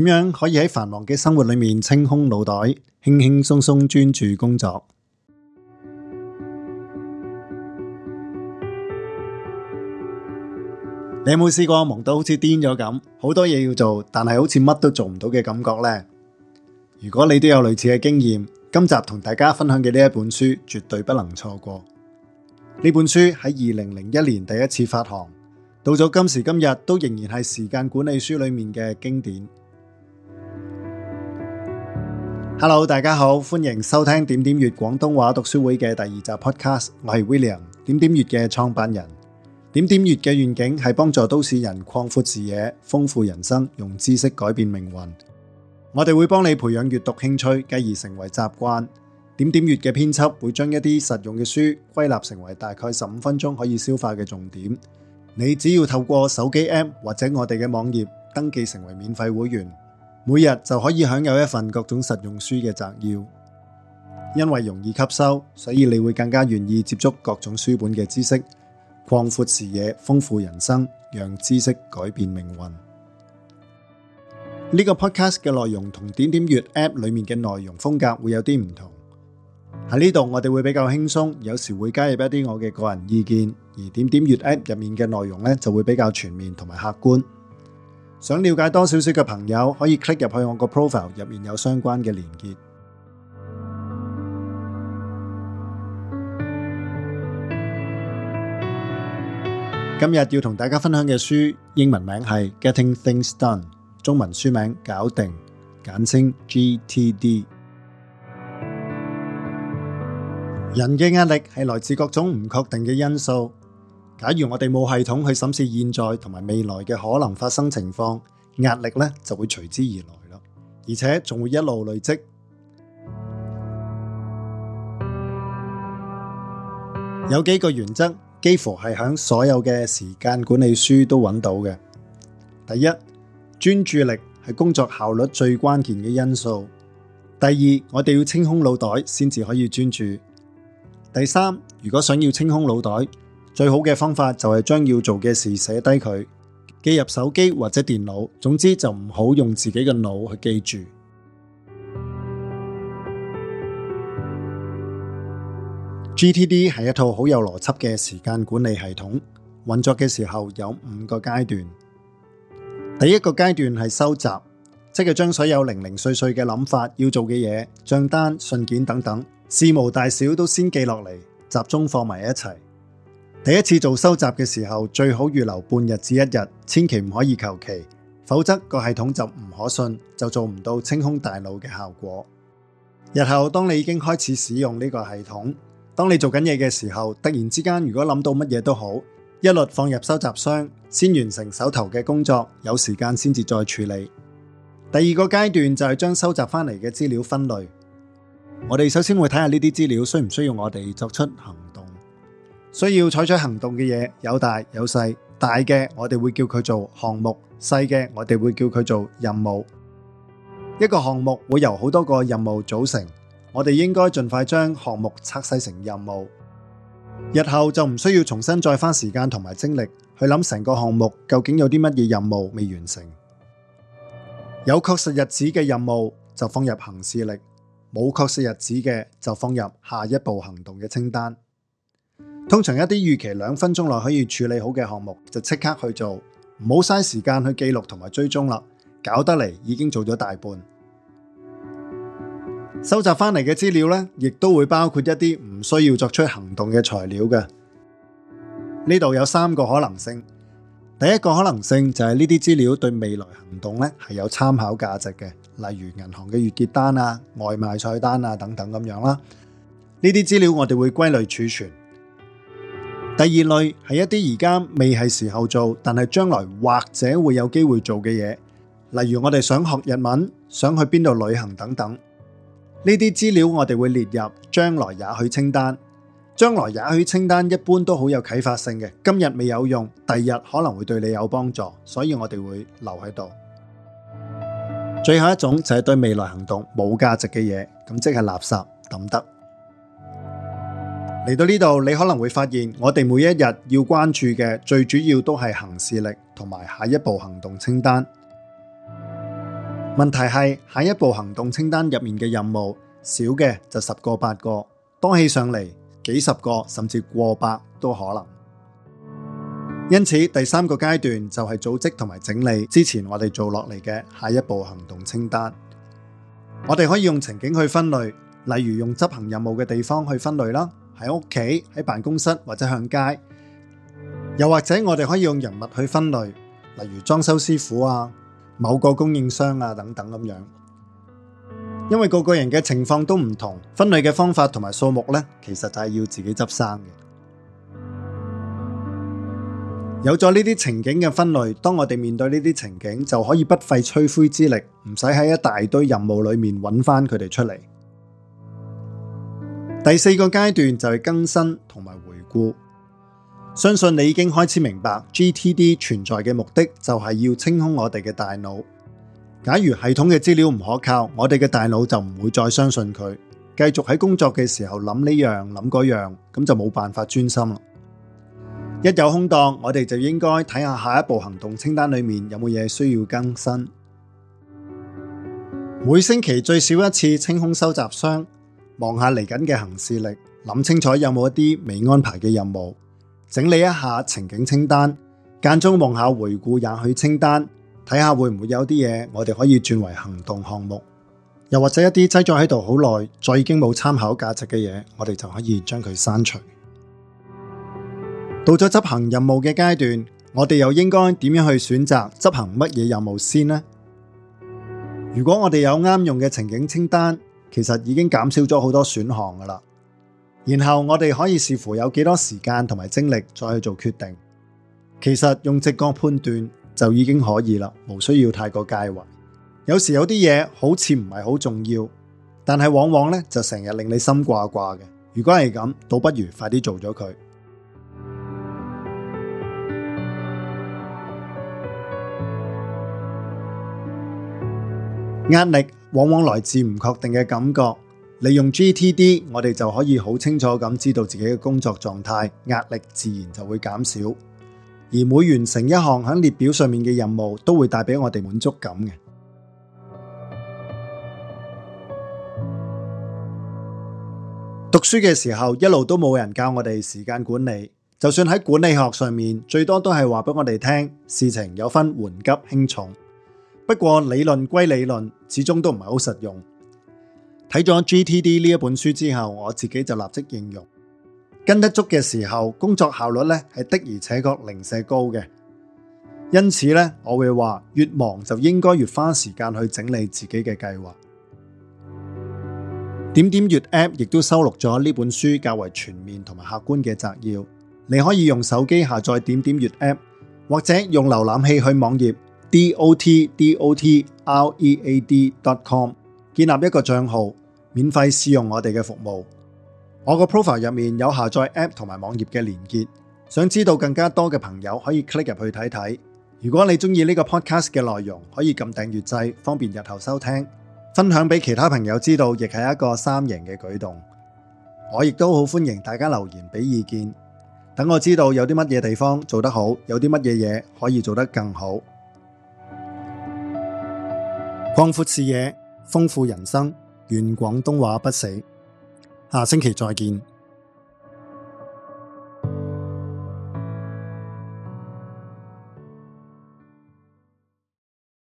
點樣可以喺繁忙嘅生活裏面清空腦袋，輕輕鬆鬆專注工作？你有冇試過忙到好似癲咗咁，好多嘢要做，但係好似乜都做唔到嘅感覺呢？如果你都有類似嘅經驗，今集同大家分享嘅呢一本書絕對不能錯過。呢本書喺二零零一年第一次發行，到咗今時今日都仍然係時間管理書裏面嘅經典。Hello，大家好，歡迎收聽點點粵廣東話讀書會嘅第二集 podcast，我係 William，點點粵嘅創辦人。點點粵嘅願景係幫助都市人擴闊視野、豐富人生，用知識改變命運。我哋會幫你培養閱讀興趣，繼而成為習慣。點點粵嘅編輯會將一啲實用嘅書歸納成為大概十五分鐘可以消化嘅重點。你只要透過手機 App 或者我哋嘅網頁登記成為免費會員。每日就可以享有一份各種實用書嘅摘要，因為容易吸收，所以你會更加願意接觸各種書本嘅知識，擴闊視野，豐富人生，讓知識改變命運。呢個 podcast 嘅內容同點點閱 app 裏面嘅內容風格會有啲唔同。喺呢度我哋會比較輕鬆，有時會加入一啲我嘅個人意見，而點點閱 app 入面嘅內容呢，就會比較全面同埋客觀。想了解多少少嘅朋友，可以 click 入去我個 profile，入面有相關嘅連結。今日要同大家分享嘅書，英文名係《Getting Things Done》，中文書名《搞定》，簡稱 GTD。人嘅壓力係來自各種唔確定嘅因素。假如我哋冇系統去審視現在同埋未來嘅可能發生情況，壓力咧就會隨之而來咯，而且仲會一路累積。 有幾個原則，幾乎係響所有嘅時間管理書都揾到嘅。第一，專注力係工作效率最關鍵嘅因素。第二，我哋要清空腦袋先至可以專注。第三，如果想要清空腦袋。最好嘅方法就係將要做嘅事寫低佢，記入手機或者電腦，總之就唔好用自己嘅腦去記住。GTD 係一套好有邏輯嘅時間管理系統，運作嘅時候有五個階段。第一個階段係收集，即係將所有零零碎碎嘅諗法、要做嘅嘢、賬單、信件等等，事務大小都先記落嚟，集中放埋一齊。第一次做收集嘅時候，最好預留半日至一日，千祈唔可以求其，否則個系統就唔可信，就做唔到清空大腦嘅效果。日後當你已經開始使用呢個系統，當你做緊嘢嘅時候，突然之間如果諗到乜嘢都好，一律放入收集箱，先完成手頭嘅工作，有時間先至再處理。第二個階段就係將收集翻嚟嘅資料分類。我哋首先會睇下呢啲資料需唔需要我哋作出行。需要採取行動嘅嘢有大有細，大嘅我哋會叫佢做項目，細嘅我哋會叫佢做任務。一個項目會由好多個任務組成，我哋應該盡快將項目拆細成任務。日後就唔需要重新再花時間同埋精力去諗成個項目究竟有啲乜嘢任務未完成。有確實日子嘅任務就放入行事曆，冇確實日子嘅就放入下一步行動嘅清單。通常一啲預期兩分鐘內可以處理好嘅項目，就即刻去做，唔好嘥時間去記錄同埋追蹤啦。搞得嚟已經做咗大半，收集翻嚟嘅資料呢，亦都會包括一啲唔需要作出行動嘅材料嘅。呢度有三個可能性。第一個可能性就係呢啲資料對未來行動呢係有參考價值嘅，例如銀行嘅月結單啊、外賣菜單啊等等咁樣啦。呢啲資料我哋會歸類儲存。第二類係一啲而家未係時候做，但係將來或者會有機會做嘅嘢，例如我哋想學日文、想去邊度旅行等等。呢啲資料我哋會列入將來也許清單。將來也許清單一般都好有啟發性嘅，今日未有用，第二日可能會對你有幫助，所以我哋會留喺度。最後一種就係對未來行動冇價值嘅嘢，咁即係垃圾抌得。可嚟到呢度，你可能會發現，我哋每一日要關注嘅最主要都係行事力同埋下一步行動清單。問題係下一步行動清單入面嘅任務少嘅就十個八個，多起上嚟幾十個甚至過百都可能。因此，第三個階段就係組織同埋整理，之前我哋做落嚟嘅下一步行動清單。我哋可以用情景去分類，例如用執行任務嘅地方去分類啦。喺屋企、喺辦公室或者向街，又或者我哋可以用人物去分類，例如裝修師傅啊、某個供應商啊等等咁樣。因為個個人嘅情況都唔同，分類嘅方法同埋數目呢，其實就係要自己執生嘅。有咗呢啲情景嘅分類，當我哋面對呢啲情景，就可以不費吹灰之力，唔使喺一大堆任務裏面揾翻佢哋出嚟。第四個階段就係更新同埋回顧，相信你已經開始明白 GTD 存在嘅目的就係要清空我哋嘅大腦。假如系統嘅資料唔可靠，我哋嘅大腦就唔會再相信佢，繼續喺工作嘅時候諗呢樣諗嗰樣，咁就冇辦法專心啦。一有空檔，我哋就應該睇下下一步行動清單裏面有冇嘢需要更新。每星期最少一次清空收集箱。望下嚟緊嘅行事曆，諗清楚有冇一啲未安排嘅任務，整理一下情景清單，間中望下回顧也許清單，睇下會唔會有啲嘢我哋可以轉為行動項目，又或者一啲積咗喺度好耐，再已經冇參考價值嘅嘢，我哋就可以將佢刪除。到咗執行任務嘅階段，我哋又應該點樣去選擇執行乜嘢任務先呢？如果我哋有啱用嘅情景清單。其實已經減少咗好多選項噶啦，然後我哋可以視乎有幾多時間同埋精力再去做決定。其實用直覺判斷就已經可以啦，無需要太過介懷。有時有啲嘢好似唔係好重要，但係往往呢就成日令你心掛掛嘅。如果係咁，倒不如快啲做咗佢。壓力。往往來自唔確定嘅感覺，利用 GTD，我哋就可以好清楚咁知道自己嘅工作狀態，壓力自然就會減少。而每完成一項喺列表上面嘅任務，都會帶俾我哋滿足感嘅。 讀書嘅時候，一路都冇人教我哋時間管理，就算喺管理學上面，最多都係話俾我哋聽，事情有分緩急輕重。不過理論歸理論，始終都唔係好實用。睇咗 GTD 呢一本書之後，我自己就立即應用，跟得足嘅時候，工作效率呢係的而且確零舍高嘅。因此呢，我會話越忙就應該越花時間去整理自己嘅計劃。點點閱 App 亦都收錄咗呢本書較為全面同埋客觀嘅摘要，你可以用手機下載點點閱 App，或者用瀏覽器去網頁。dot dot read dot com 建立一個賬號，免費試用我哋嘅服務。我個 profile 入面有下載 app 同埋網頁嘅連結。想知道更加多嘅朋友可以 click 入去睇睇。如果你中意呢個 podcast 嘅內容，可以撳訂閱掣，方便日後收聽。分享俾其他朋友知道，亦係一個三贏嘅舉動。我亦都好歡迎大家留言俾意見，等我知道有啲乜嘢地方做得好，有啲乜嘢嘢可以做得更好。擴闊視野，豐富人生，願廣東話不死。下星期再見。